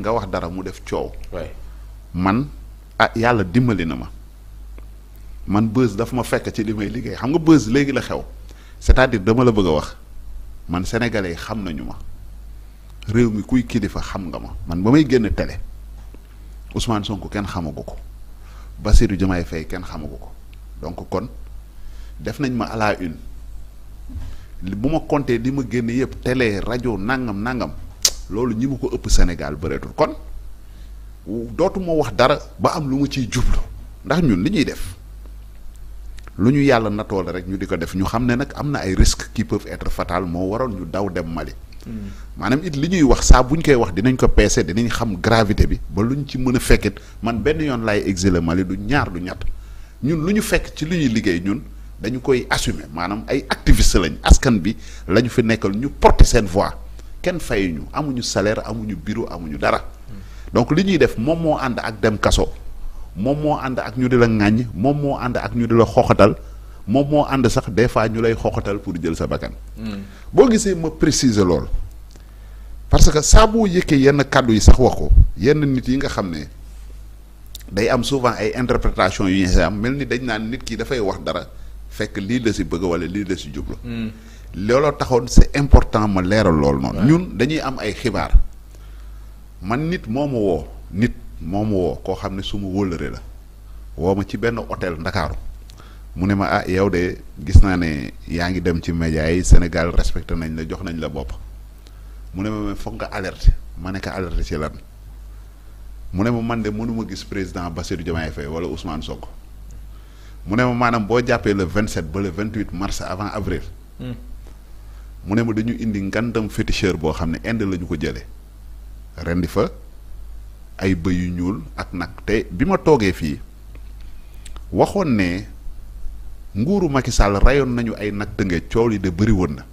nga wax dara mu def coow. man a ah, yàlla dimbali na ma man bës dafa ma fekk ci li may liggéey xam nga bës léegi la xew cest à dama la bëgg a wax man sénégalais xam nañu ma réew mi kuy kilifa xam nga ma man ba may génn télé Ousmane sonk kenn xamagu ko Bassirou Diomaye Faye kenn xamagu ko donk kon def nañ ma à une bu ma compté li ma génn yëpp télé rajo nangam nangam. loolu ñi mu ko ëpp Sénégal bëreetul kon dootuma wax dara ba am lu mu ciy jublu ndax ñun li ñuy def lu ñu yàlla natoo la rek ñu di ko def ñu xam ne nag am na ay risques qui peuvent être fatal moo waroon ñu daw dem Mali. Hmm. maanaam it li ñuy wax saa bu ñu koy wax dinañ ko peese dinañ xam gravité bi ba lu ñu ci mën a fekkit man benn yoon laay exilé Mali du ñaar du ñett ñun lu ñu fekk ci li ñuy liggéey ñun dañu koy assumer maanaam ay activistes lañ askan bi lañu fi nekkal ñu porter seen voix. kenn fayuñu amuñu salaire amuñu bureau amuñu dara donc li ñuy def moom moo ànd ak dem kaso moom moo ànd ak ñu di la ŋàññ moom moo ànd ak ñu di la xoxatal moom moo ànd sax des fois ñu lay xoxatal pour jël sa bakkan hmm. boo gisee ma préciser lool parce que saaboo boo yëkkee yenn kàddu yi sax wax ko yenn nit yi nga xam ne day am souvent ay interprétation yu ñu am mel ni dañ naan nit ki dafay wax dara fekk lii la si bëgg wala lii la si jublu hmm. looloo taxoon c'est important ma leeral lool noonu. ñun dañuy am ay xibaar man nit moomu woo nit moo woo koo xam ne su ma wóllëre la woo ma ci benn hôtel Ndakaaru mu ne ma ah yow de gis naa ne yaa ngi dem ci média yi Sénégal respecté nañ la jox nañ la bopp mu ne ma foog nga alerte ma nekk ko alerte ci lan mu ne ma man de mënuma gis président Bassirou Diomaye Faye wala Ousmane Sonko mu ne ma maanaam boo jàppee le 27 ba le 28 mars avant avril. Hmm. mu ne ma dañu indi ngandam féticheur boo xam ne Inde la ko jëlee rendi fa ay bëy yu ñuul ak nag te bi ma toogee fii waxoon ne nguuru Macky Sall rayoon nañu ay nag tëngeej coow li de bëri woon na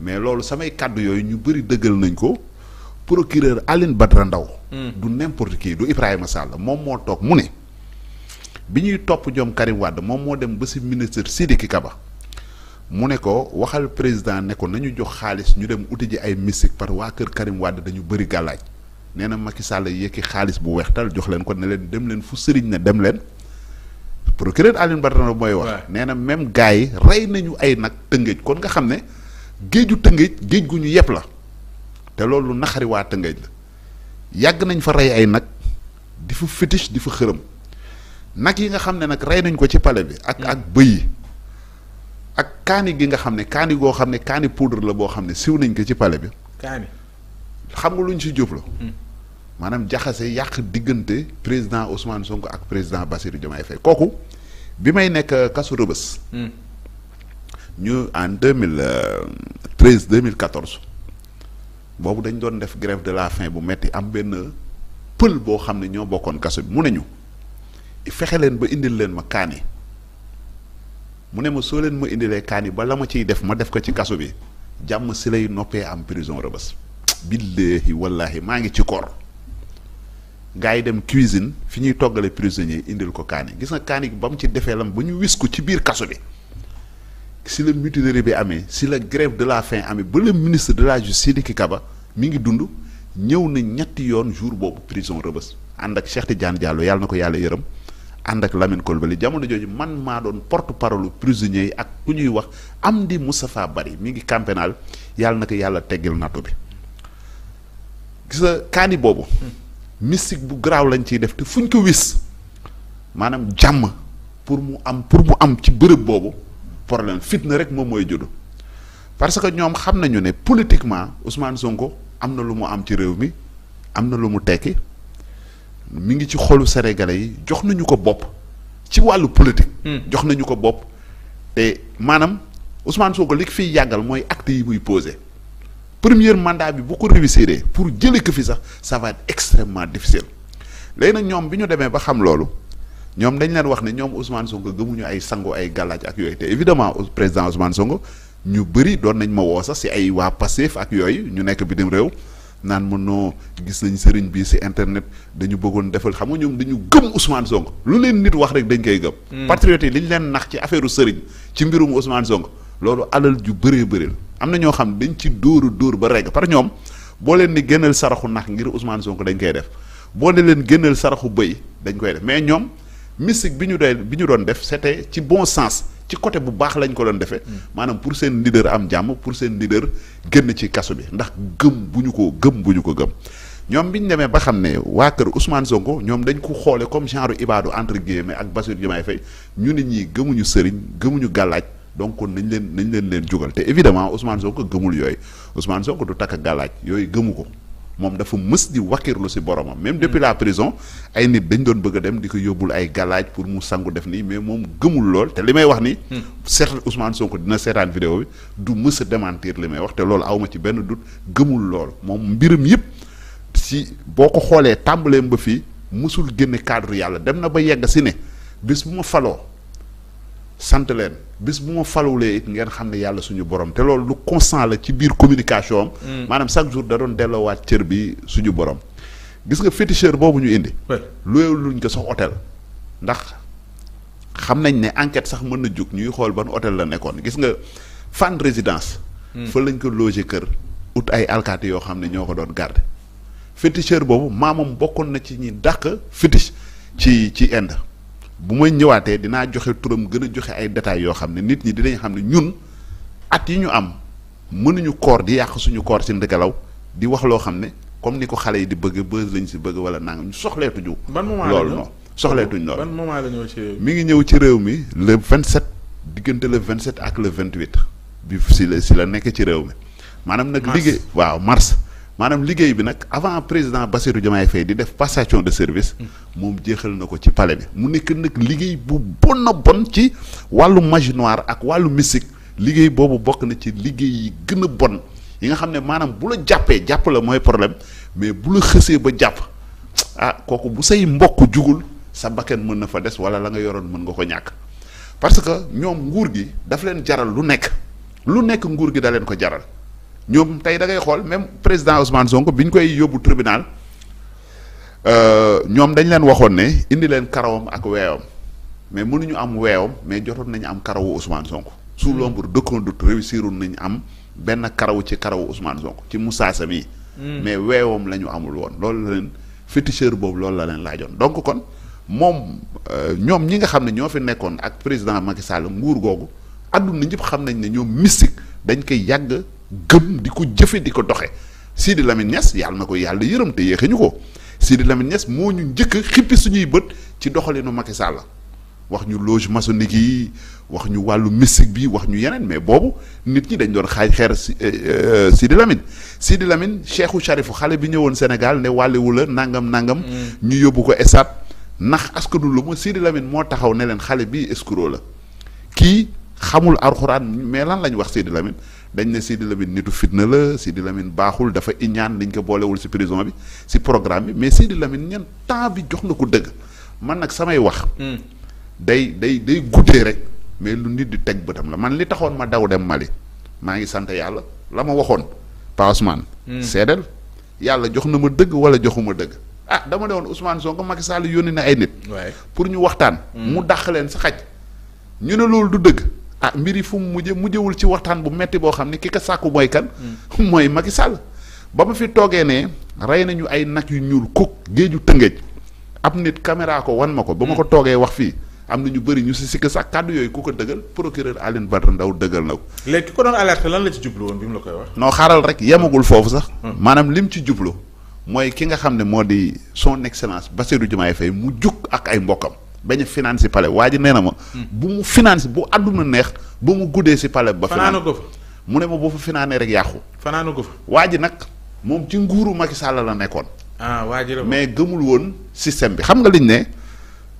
mais loolu samay kàddu yooyu ñu bëri dëggal nañ ko procureur Aline Badra Ndaw hmm. du n'importe qui du Ibrahima Sall moom moo toog mu ne bi ñuy topp ñoom Karim Wade moom moo dem ba si ministre Sidiki ba mu ne ko waxal président ne ko nañu jox xaalis ñu dem uti ji ay mystique par waa kër Karim Wade dañu bëri gàllaaj nee na Macky Sall yëkki xaalis bu weextal jox leen ko ne leen dem leen fu sëriñ ne dem leen procureur Alioune Badara mooy wax nee na même gars yi rey nañu ay nag tëngéej kon nga xam ne géeju tëngéej géej gu ñu yëpp la te loolu naxari waa tëngéej la yàgg nañ fa rey ay nag di fu fétiche di fu xërëm nag yi nga xam ne nag rey nañ ko ci pale bi ak mm. ak bëy yi ak kaani gi nga xam ne kaani goo xam ne kaani poudre la boo xam ne siw nañ ko ci pale bi. kaani xam nga lu ñu si jublu. Hmm. maanaam jaxase yàq diggante président Ousmane Sonko ak président Bassirou Diomaye Faye kooku bi may nekk kasu rëbës. Hmm. ñu en deux mille treize deux mille quatorze boobu dañ doon def grève de la faim bu metti am benn pël boo xam ne ñoo bokkoon kaso bi mu ne ñu fexe leen ba indil leen ma kaani. mu ne ma soo leen ma indilee kaan yi ba la ma ciy def ma def ko ci kaso bi jàmm si lay noppee am prison rëbës billaahi wallaahi maa ngi ci koor gars yi dem cuisine fi ñuy toggale prisonnier indil ko kaani gis nga kaani ba mu ci defee lam ba ñu wis ko ci biir kaso bi si la mutinerie bi amee si la grève de la fin amee ba le ministre de la justice Sidiki Kaba mi ngi dund ñëw na ñetti yoon jour boobu prison rëbës ànd ak Cheikh Tidiane Diallo yàlla na ko yàlla yërëm ànd ak Lamine Coulibaly jamono jooju man maa doon porte parole prisonnier yi ak ku ñuy wax am Amdi Moustapha Bari mi ngi camp pénal yàlla na ko yàlla teggil nattu bi gis kaani boobu mystique bu garaaw lañ ciy def te fuñ ko wis maanaam jàmm pour mu am pour mu am ci bërëb boobu problème fitna rek moom mooy juddu parce que ñoom xam nañu ne politiquement Ousmane Sonko am na lu mu am ci réew mi am na lu mu tekki mi ngi ci xolu sénégalais yi jox nañu ko bopp ci wàllu politique. Hmm. jox nañu ko bopp te maanaam Ousmane Sonko li fiy yàggal mooy acte yi muy posé premier mandat bi bu ko réussir pour jëlee ko fi sax ça va être extrêmement difficile léegi nag ñoom bi ñu demee ba xam loolu ñoom dañ leen wax ne ñoom Ousmane Sonko gëmuñu ay sango ay galaaj ak yooyu te évidemment président Ousmane Sonko ñu bëri doon nañ ma woo sax si ay waa Pastef ak yooyu ñu nekk bitim réew. naan ma non gis nañ sëriñ bi si internet dañu bëggoon defal xam nga ñoom dañu gëm Ousmane Sonko lu leen nit wax rek dañ koy gëm. Hmm. patriote yi liñ leen nax ci affaire sëriñ ci mbirum Ousmane Sonko loolu alal ju bëree bëri am na ñoo xam dañ ci dóoru dóor ba reg par ñoom boo leen ni génneel saraxu nax ngir Ousmane Sonko dañ koy def boo ne leen génneel saraxu bëy dañ koy def mais ñoom mystique bi ñu doon bi ñu doon def c'était ci bon sens. ci côté bu baax lañ ko doon defee maanaam pour seen leader am jàmm pour seen leader génn ci kaso bi ndax gëm bu ñu ko gëm bu ko gëm ñoom bi ñu demee ba xam ne waa kër Ousmane Sonko ñoom dañ ko xoole comme genre ibaadu entre guillemets ak Bassirou may Faye ñu ne ñii gëmuñu sëriñ gëmuñu gàllaaj donc nañ leen nañ leen leen jugal te évidemment Ousmane Sonko gëmul yooyu Ousmane Sonko du takk gàllaaj yooyu gëmu ko moom dafa mës di wakkirlu si boromam même depuis la prison ay nit dañ doon bëgg dem di ko yóbbul ay galaaj pour mu sangu def nii mais moom gëmul lool te li may wax ni certes hmm. Ousmane Sonko dina seetaan vidéo bi du mës a li may wax te loolu awma ci benn dut gëmul lool moom mbiram yëpp si boo ko xoolee tàmbaleem ba fii mësul génne cadre yàlla dem na ba yegg si ne bis bu ma faloo sant leen bis bu ma faluwulee it ngeen xam ne yàlla suñu borom te loolu du constant la ci biir communication am. Mm. maanaam chaque jour da doon delloowaat cër bi suñu borom. gis nga féticheur boobu ñu indi. loolu luñ ko sox hôtel. ndax xam nañ ne enquête sax mën na jóg ñuy xool ba ban otel la nekkoon gis nga fan résidence. Mm. fa lañ ko loger kër. ut ay alkaati yoo xam ne ñoo ko doon garder féticheur boobu maamam bokkoon na ci ñi dàq fétiche ci ci Inde. bu may ñëwaatee dinaa joxe turam gën a joxe ay détails yoo xam ne nit ñi dinañ xam ne ñun at yi ñu am mënuñu koor di yàq suñu koor ci ndëgalaw di wax loo xam ne comme ni ko xale yi di bëgg bës lañ si bëgg wala nangam ñu soxleetuñu. ban moment la lool non soxleetuñ loolu. ban moment la ñëw ci réew mi ngi ñëw ci réew mi le 27 diggante le 27 ak le 28 bi si la si la nekk ci réew mi. maanaam nag liggéey waaw mars. maanaam liggéey bi nag avant président Bassirou Diomaye Faye di def passation de service moom jeexal na ko ci pale bi mu nekk nag liggéey bu bon a bon ci wàllu magie ak wàllu mystique liggéey boobu bokk na ci liggéey yi gën a bon yi nga xam ne maanaam bu la jàppee jàpp la mooy problème mais bu la xësee ba jàpp ah kooku bu say mbokk jugul sa bakken mën na fa des wala la nga yoroon mën nga ko ñàkk parce que ñoom nguur gi daf leen jaral lu nekk lu nekk nguur gi da leen ko jaral ñoom tey dangay xool même président Ousmane sonk bi ñu koy yóbbu tribunal euh, ñoom dañ leen waxoon ne indi leen karawam ak weewam mais mënuñu am weewam mais jotoon nañu am karawu Ousmane sonk sous mm. l'ombre de conduite réussiroon nañu am benn karaw ci karawu Ousmane sonk ci Moussa Sami mm. mais weewam la ñu amul woon loolu la leen féticheur boobu loolu la leen laajoon donc kon moom euh, ñoom ñi nga xam ne ñoo fi nekkoon ak président Macky Sall nguur googu àdduna ñëpp xam nañ ne ñoom mystique dañ koy yàgg gëm di ko jëfe di ko doxe Sidi Lamine Niass yàlla na ko yàlla yërëm te yéexe ñu ko Sidi Lamine ñes moo ñu njëkk xippi suñuy bët ci doxalinu Macky la wax ñu loge maçonnique yi wax ñu wàllu mystique bi wax ñu yeneen mais boobu nit ñi dañ doon xaaj xeer euh, euh, Sidi Lamine Sidi lamin Cheikhou Charifu xale bi ñëwoon Sénégal ne wàllewu la nangam nangam mm. ñu yóbbu ko esat ndax askanu lu ma Sidi Lamine moo taxaw ne leen xale bi escroc la kii xamul alxuraan mais lan lañ wax Sidi Lamine dañ ne Sidi Lamine nitu fitna la Sidi Lamine baaxul dafa iñaan liñ ko boolewul ci prison bi ci programme bi mais Sidi Lamine ñan temps bi jox na ko dëgg man nag samay wax. Hmm. day day day guddee rek mais lu nit di teg bëtam la man li taxoon ma daw dem Mali maa ngi sant yàlla la ma waxoon Pa Ousmane. Hmm. seedeel yàlla jox na ma dëgg wala joxuma dëgg. ah dama ne woon Ousmane Sonko Macky Sall yónni na ay nit. pour ñu waxtaan. Hmm. mu dàq leen sa xaj. ñu ne loolu du dëgg. ah mbir yi fu mu mujj mujjewul ci waxtaan bu metti boo xam ni ki ka sàkku mooy kan. Hmm. mooy Macky ba ma fi toogee ne rey ñu ay nag yu ñuul kuk géeju tëngëj ab nit caméra ko wan ma ko. ba ma ko hmm. toogee wax fii am na ñu bëri ñu si sikk sax kàddu yooyu ku ko dëggal procureur Alioune Badara ndaw dëgël na ko. léegi ki ko doon alerté lan la ci jublu woon bi mu la koy wax. noo xaaral rek yemagul foofu sax. Hmm. maanaam lim ci jublu. mooy ki nga xam ne moo di son excellence Bassirou Diomaye Faye mu jug ak ay mbokkam. bañ a financé palais waa ji nee na ma. Hmm. bu mu financé bu àdduna neex ba mu guddee si pale ba. fanaana ko mu ne ma boo fa finaanee rek yàqu. fanaana ko fa waa ji nag moom ci nguuru Macky Sall la nekkoon. ah mais gëmul woon système bi xam nga liñ ne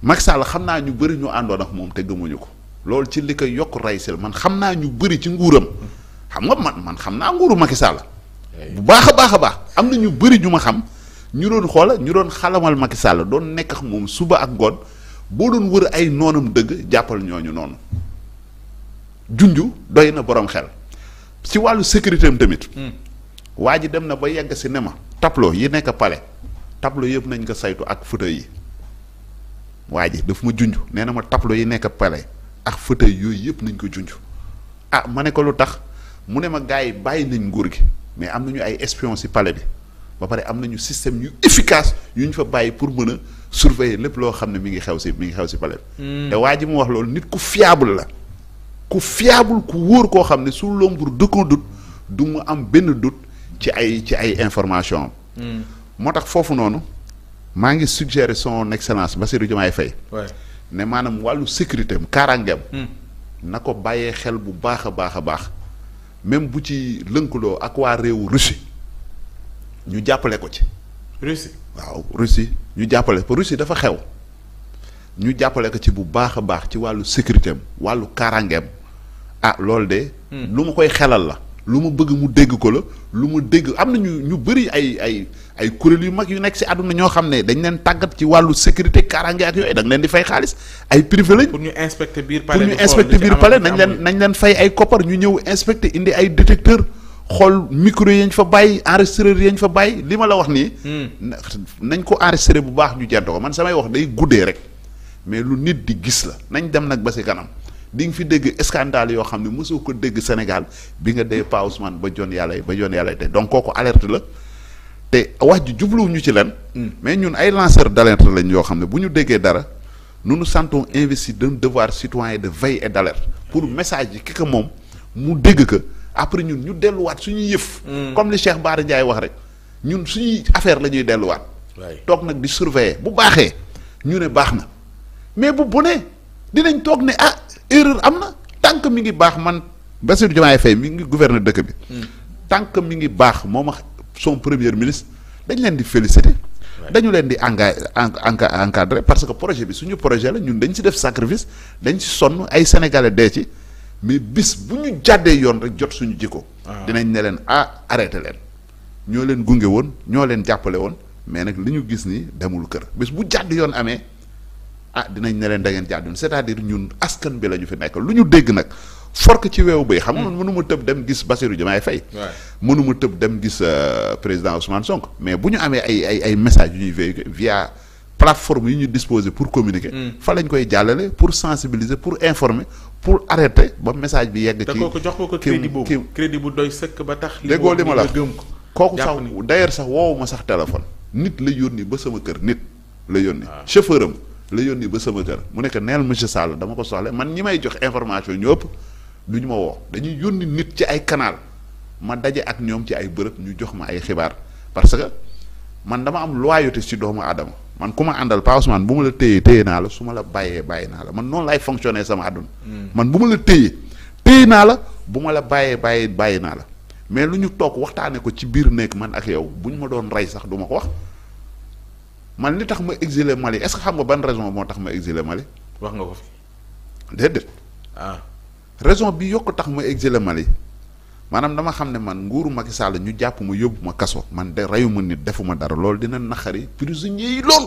Macky Sall xam naa ñu bëri ñu àndoon ak moom te gëmuñu ko loolu ci li koy yokk raysel man xam naa ñu bëri ci nguuram xam nga man man xam naa nguuru Macky Sall eh. bu baax a baax a baax am na ñu bëri ñu ma xam ñu doon xoola ñu doon xalamal Macky Sall doon nekk moom suba ak ngoon. boo doon wër ay noonam dëgg jàppal ñooñu noonu junju doy na borom xel ci wàllu sécurité am tamit. Hmm. waa ji dem na ba yegg si ne ma. tableau yi nekk palais tableau yëpp nañ ko saytu ak fauteuil yi waa ji daf ma junj nee na ma tableau yi nekk palais ak fauteuil yooyu yëpp nañ ko junj ah ma ne ko lu tax mu ne ma gars yi bàyyi nañ nguur gi mais am nañu ay espion ci pale bi ba pare am nañu système yu efficace yu ñu fa bàyyi pour mën surveiller lépp loo xam ne mi ngi xew si mi ngi xew si palais hmm. te waa ji mu wax loolu nit ku fiable la ku fiable ku wóor koo xam ne sous du ko doute du mu am benn doute ci ay ci ay information am hmm. moo tax foofu noonu maa ngi suggérer son excellence Bassirou Diomaye Faye ne maanaam wàllu sécurité am hmm. na ko bàyyee xel bu baax a baax a baax même bu ci lënkaloo ak waa réewu Russie ñu jàppale ko ci Russie waaw Russie ñu jàppale ko Russie dafa xew ñu jàppale ko ci bu baax a baax ci wàllu sécurité wàllu kaaraangeem ah loolu de. Hmm. lu ma koy xelal la. lu mu bëgg mu dégg ko la lu mu dégg am na ñu ñu bëri ay ay ay kuréel yu mag yu nekk si àdduna ñoo xam ne dañ leen tàggat ci wàllu sécurité kaaraange ak yooyu da leen di fay xaalis ay privé lañ. pour ñu inspecter biir palais pour ñu inspecter biir nañ leen nañ fay ay koppar ñu ñëw inspecter indi ay détecteur xool micro yañ fa bàyyi enregistreur yañ fa bàyyi li ma la wax nii. Hmm. nañ ko enregistré bu baax ñu jent ko man samay wax day guddee rek mais lu nit di gis la nañ dem nag ba si kanam di nga fi dégg scandale yoo xam ne mosoo ko dégg Sénégal bi nga dee Pa Ousmane ba jon yàlla ba jon yàlla te donc kooku alerte la te wax ji jubluwu ñu ci leen. Hmm. mais ñun ay lanceur d'alerte lañ yoo xam ne bu ñu déggee dara nu nous sentons investis de devoir citoyen de veille et d'alerte pour message yi moom mu dégg ko. après ñun ñu delluwaat suñuy yëf. Mm. comme li Cheikh Bara Ndiaye wax rek ñun suñuy affaire la ñuy delluwaat. toog nag di surveiller bu baaxee ñu ne baax na mais bu bonee dinañ toog ne ah erreur am na tant que mi ngi baax man Bassirou Diomaye Faye mi ngi gouverneur dëkk bi. Mm. tant que mi ngi baax moom ak son premier ministre dañ leen di féliciter. dañu leen di enga encadré parce que projet bi suñu projet la ñun dañ ci def sacrifice dañ si sonn ay sénégalais dee ci. mais bis bu ñu jàddee yoon rek jot suñu jikko ah. dinañ ne leen ah arrêté leen ñoo leen gunge woon ñoo leen jàppale woon mais nag li ñu gis ni demul kër bis bu jàdd yoon amee a ah, dinañ ne leen da ngeen jàdd yoon c'est-à-dire ñun askan bi la ñu fi nekk lu ñu dégg nag fork ci weewu bay xam nga hmm. mënuma tëb dem gis Bassirou Diomaye Faye mënuma tëb dem gis euh, président Ousmane sonk mais bu ñu amee ay ay ay message yu ñuy véhiculer via plateforme yi ñu disposer pour communiquer. Mm. fa lañ koy jàllale pour sensibiliser pour informer pour arrêter ba message bi yegg. ci jox ko ko crédit boobu crédit bu doy sëkk ba tax. li déggoo li ma la kooku sax d'ailleurs sax woowu ma sax téléphone. nit la yónni ba sama kër nit la yónni. waaw ah. chauffeur am la yónni ba sama kër mu nekk neel monsieur Sall dama ko soxla man ñi may jox information ñu ëpp du ñu ma woo dañuy yónni nit ci ay canal ma daje ak ñoom ci ay bërëb ñu jox ma ay xibaar parce que man dama am loyauté ci doomu aadama. man ku ma àndal Pa Ousmane bu ma la téyee téye naa la su ma la bàyyee bàyyi naa la man noonu lay fonctionner sama àdduna. Hmm. man bu ma la téyee téye naa la bu ma la bàyyee bàyyi bàyyi naa la mais lu ñu toog waxtaanee ko ci biir nekk man ak yow bu ñu ma doon rey sax du ma ko wax man li tax ma exilé Mali est que xam nga ban raison moo tax ma exilé Mali. wax nga ko fi. déedéet. ah raison bi yokk tax ma exilé Mali. maanaam dama xam ne man nguuru Macky Sall ñu jàpp ma yóbbu ma kaso man de reyu ma nit defuma dara lool dina naxari prisonniers yi lool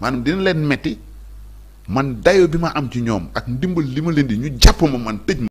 maanaam dina leen metti man dayo bi ma am ci ñoom ak ndimbal li ma leen di ñu jàpp ma man tëj ma